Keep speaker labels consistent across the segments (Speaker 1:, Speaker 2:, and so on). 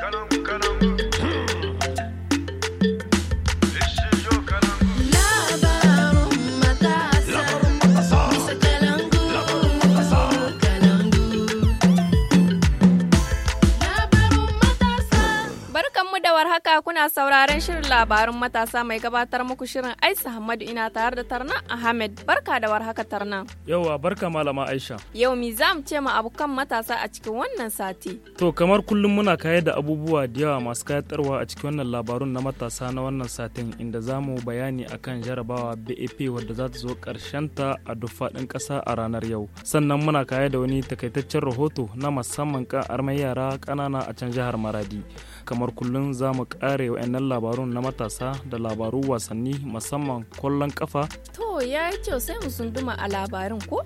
Speaker 1: Caramba, caramba. haka kuna sauraron shirin labarin matasa mai gabatar muku shirin Aisha Hamadu ina tare da Tarna Ahmed. Barka da warhaka Tarna.
Speaker 2: Yauwa barka malama Aisha.
Speaker 1: Yau mi za mu ce ma abokan matasa a cikin wannan sati.
Speaker 2: To kamar kullum muna kayar da abubuwa da yawa masu kayatarwa a cikin wannan labarun na matasa na wannan satin inda za mu bayani akan jarabawa BAP wadda za ta zo ta a dufadin kasa ƙasa a ranar yau. Sannan muna kayar da wani takaitaccen rahoto na musamman kan armai yara ƙanana a can jihar Maradi. Kamar kullum za za mu kare wa'annan labarun na matasa da labarun wasanni musamman kwallon kafa.
Speaker 1: To ya yi kyau sai mu sunduma a labarin ko?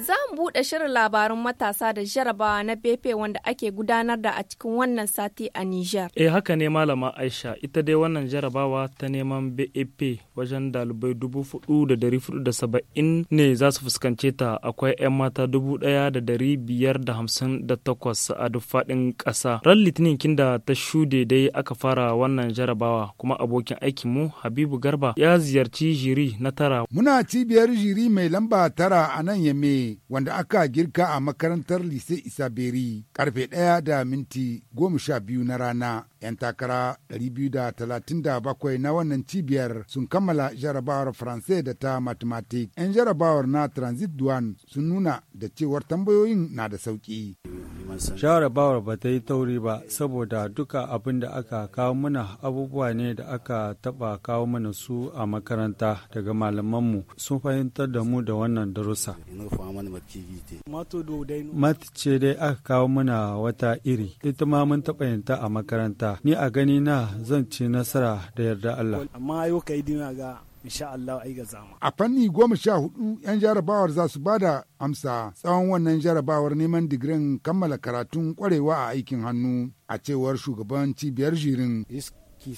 Speaker 1: Za mu buɗe shirin labarin matasa da jarabawa na bp wanda ake gudanar da a cikin wannan sati a Nijar.
Speaker 2: Eh haka ne malama Aisha ita dai wannan jarabawa ta neman bp wajen dalibai dubu fudu da dari fudu da saba'in ne za su fuskance ta akwai 'yan mata dubu ɗaya da dari biyar da hamsin da takwas a duk faɗin ƙasa. Ran litinin kinda ta shude dai aka fara wannan jarabawa kuma abokin aikinmu Habibu Garba ya ziyarci jiri na tara. Muna
Speaker 3: cibiyar jiri mai lamba tara a nan Yame wanda aka girka a makarantar lise isa beri karfe ɗaya da minti goma sha biyu na rana 'yan takara biyu da da talatin bakwai na wannan cibiyar sun kammala jarabawar faransai da ta mathematics 'yan jarabawar na transit duan sun nuna da cewar tambayoyin
Speaker 4: na da sauki. bawar ba ta yi tauri ba saboda duka abin da aka kawo mana abubuwa ne da aka taba kawo mana su a makaranta daga malamanmu sun fahimtar da mu da wannan darussa mat ce dai aka kawo mana wata iri ita ma mun taɓa ta a makaranta ni a gani na zan ci nasara da yarda Allah insha Allah ai ga zama.
Speaker 3: A fanni goma sha hudu 'yan jarabawar za su ba da amsa tsawon wannan jarabawar neman digirin kammala karatun kwarewa a aikin hannu a cewar shugaban
Speaker 4: cibiyar jirin.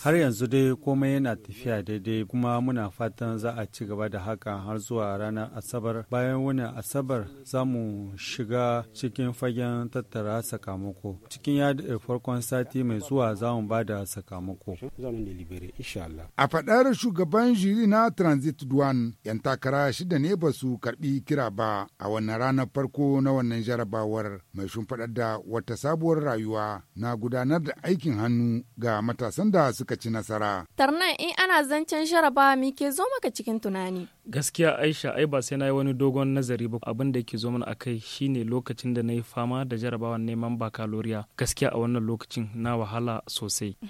Speaker 4: har yanzu dai komai yana tafiya daidai kuma muna fatan za a ci gaba da haka har zuwa ranar asabar bayan wani asabar za mu shiga cikin fagen tattara sakamako cikin da eh, farkon sati mai zuwa za mu ba da sakamako
Speaker 3: a faɗar shugaban jiri na transit duwan yan takara shida ne ba su karbi kira ba a wannan ranar farko na wannan jarabawar mai shimfiɗar da wata sabuwar rayuwa na gudanar da aikin hannu
Speaker 2: ga matasan da suka ci nasara.
Speaker 1: Tarnan in ana zancen jaraba mi ke zo maka cikin tunani.
Speaker 2: gaskiya aisha ai ba sai na yi wani dogon nazari ba abin da ke zo mana a kai shine lokacin da na yi fama da jarabawan neman bakaloriya gaskiya a wannan lokacin na wahala sosai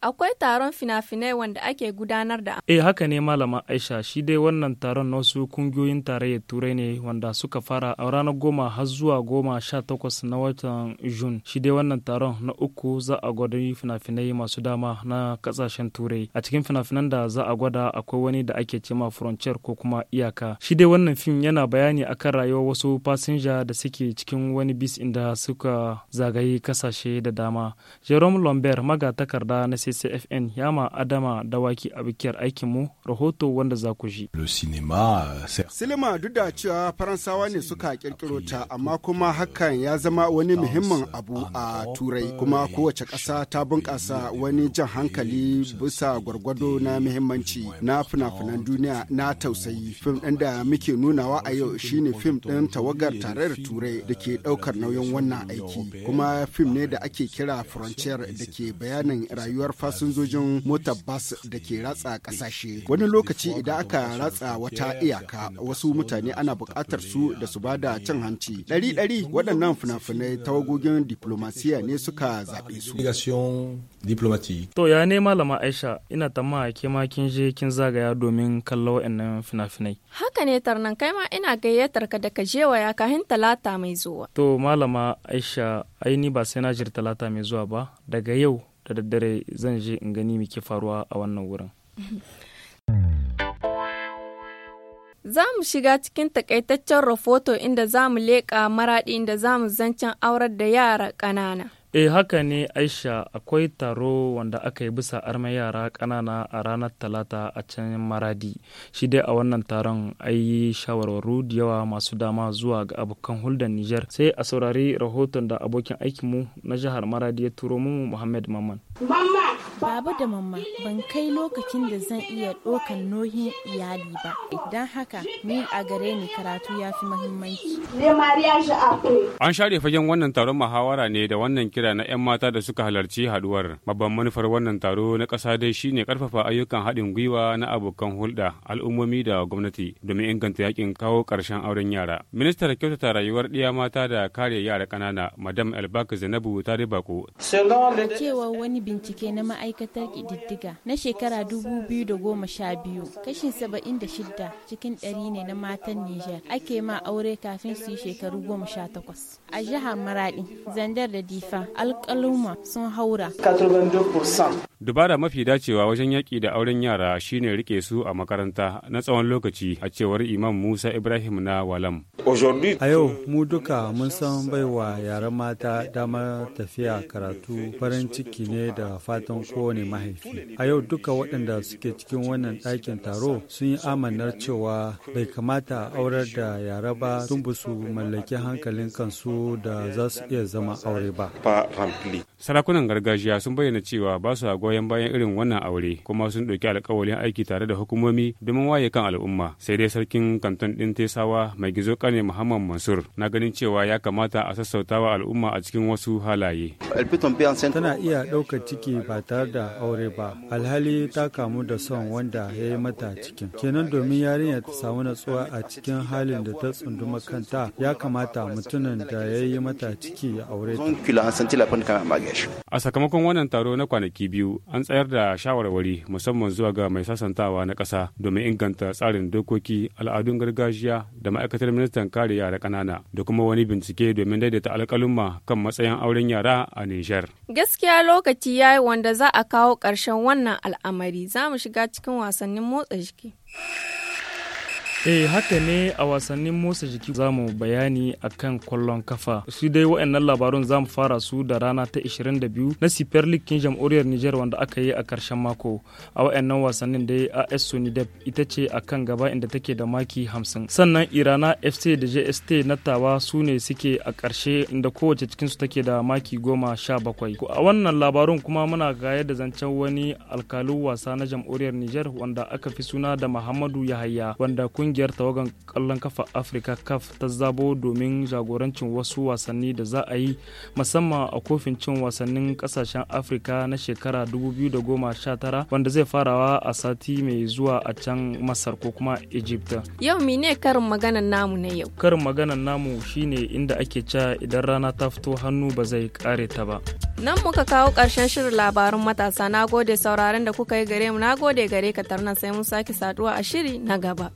Speaker 1: akwai taron fina-finai wanda ake gudanar da
Speaker 2: eh haka ne malama aisha shi dai wannan taron na wasu kungiyoyin tarayyar turai ne wanda suka fara a ranar goma har zuwa goma sha takwas na watan jun shi dai wannan taron na uku za a gwada fina-finai masu dama na kasashen turai a cikin fina-finan da za a gwada akwai wani da ake cema frontier frontier ko kuma iyaka shi dai wannan fim yana bayani akan rayuwar wasu fasinja da suke cikin wani bis inda suka zagaye kasashe da dama jerome lambert magatakarda na ccfn ya ma adama dawaki a bikiyar aikinmu rahoto wanda za ku ji euh,
Speaker 3: silima duk da cewa faransawa ne suka kirkiro ta amma kuma hakan ya zama wani muhimmin abu a turai kuma kowace ƙasa ta bunƙasa wani jan hankali bisa gwargwado na muhimmanci na fina-finan duniya na tausayi fim ɗin da muke nunawa a yau shine fim ɗin tawagar tarayyar turai da ke ɗaukar nauyin wannan aiki kuma fim ne da ake kira frontier da ke bayanin rayuwar fasinjojin mota bas da ke ratsa kasashe wani lokaci idan aka ratsa wata iyaka wasu mutane ana buƙatar su da su ba da cin hanci ɗari ɗari waɗannan fina-finai tawagogin diplomasiya ne suka zaɓe su
Speaker 2: to ya ne malama aisha ina tamma ke ma kin je kin zagaya domin kallon kallon fina-finai.
Speaker 1: Haka ne tarnan kai ma ina gayyatar ka da ka wa waya kahin talata mai zuwa.
Speaker 2: To malama Aisha aini ba sai na jira talata mai zuwa ba daga yau da daddare zan je in gani me ke faruwa a wannan wurin.
Speaker 1: Za mu shiga cikin takaitaccen rahoto inda za mu leƙa maraɗi inda za mu zancen aurar da yara ƙanana.
Speaker 2: Eh haka ne Aisha akwai taro wanda aka yi bisa armai yara kanana a ranar talata a can maradi shi dai a wannan taron ayi shawarwaru da yawa masu dama zuwa ga abokan huldar Nijar sai a saurari rahoton da abokin aikinmu na jihar maradi ya turo mu Muhammad Maman. Mama. babu da mamma ban kai lokacin da zan iya ɗokan nohin iyali ba. Idan haka ni a gare ni karatu ya fi mahimmanci.
Speaker 5: An share fagen wannan taron muhawara ne da wannan kira na 'yan mata da suka halarci haduwar. Babban manufar wannan taro na ƙasa dai shine karfafa ayyukan haɗin gwiwa na abokan hulɗa, al'ummomi da gwamnati domin inganta yakin kawo ƙarshen auren yara. Ministar kyautata rayuwar ɗiya mata da kare yara ƙanana, Madam albak Zainabu ta ribako.
Speaker 4: Cewa wani
Speaker 1: bincike na ma'aikata ma'aikatar ƙididdiga na shekara 2012 kashin 76 cikin 100 ne na matan Nijar ake ma aure kafin su yi shekaru 18. A jihar Maradi, Zandar da Difa, alkaluma sun haura.
Speaker 5: Dubara mafi dacewa wajen yaƙi da auren yara shine rike su a makaranta na tsawon lokaci a cewar Imam Musa Ibrahim na Walam.
Speaker 4: A yau mu duka mun san baiwa yaran mata damar tafiya karatu farin ciki ne da fatan kowane mahaifi a yau duka waɗanda suke cikin wannan ɗakin taro sun yi amanar cewa bai kamata a aurar da yara ba tun ba su mallaki hankalin kansu da za su iya zama aure ba
Speaker 5: sarakunan gargajiya sun bayyana cewa ba su goyon bayan irin wannan aure kuma sun ɗauki alkawalin aiki tare da hukumomi domin waye kan al'umma sai dai sarkin kanton ɗin tesawa mai gizo kane muhammad mansur na ganin cewa ya kamata a sassautawa al'umma a cikin wasu halaye
Speaker 4: tana iya ɗaukar ciki ba tare da aure ba alhali ta kamu da son wanda ya yi mata cikin kenan domin yarinya ta samu natsuwa a cikin halin da ta tsunduma kanta ya kamata mutumin da ya yi mata ciki ya aure
Speaker 5: a sakamakon wannan taro na kwanaki biyu an tsayar da shawarwari musamman zuwa ga mai sasantawa na kasa domin inganta tsarin dokoki al'adun gargajiya da ma'aikatar ministan kare yara kanana da kuma wani bincike domin daidaita alkaluma kan matsayin auren yara a Nijar.
Speaker 1: Gaskiya lokaci ya yi wanda za a kawo ƙarshen wannan al'amari za mu shiga cikin wasannin motsa jiki.
Speaker 2: Eh haka ne a wasannin motsa jiki za mu bayani kan kwallon kafa. Su dai waɗannan labarun za mu fara su da rana ta 22 na Super League kin jamhuriyar Nijar wanda aka yi a karshen mako. A waɗannan wasannin dai AS Sonidep ita ce a kan gaba inda take da maki 50. Sannan Irana FC da JST na Tawa su ne suke a karshe inda kowace cikinsu take da maki goma sha bakwai. A wannan labarun kuma muna gaya da zancen wani alkalin wasa na jamhuriyar Nijar wanda aka fi suna da Muhammadu Yahaya wanda kun kungiyar tawagan kallon kafa afirka caf ta zabo domin jagorancin wasu wasanni da za a yi musamman a kofin cin wasannin kasashen afirka na shekara 2019 wanda zai farawa a sati mai zuwa a can masar ko kuma egypt
Speaker 1: yau mine karin maganan namu na yau
Speaker 2: karin maganan namu shine inda ake ca idan rana ta fito hannu ba zai kare ta ba
Speaker 1: nan muka kawo karshen shirin labarun matasa na gode sauraron da kuka yi gare mu na gode gare ka tarnan sai mun sake saduwa a shiri na gaba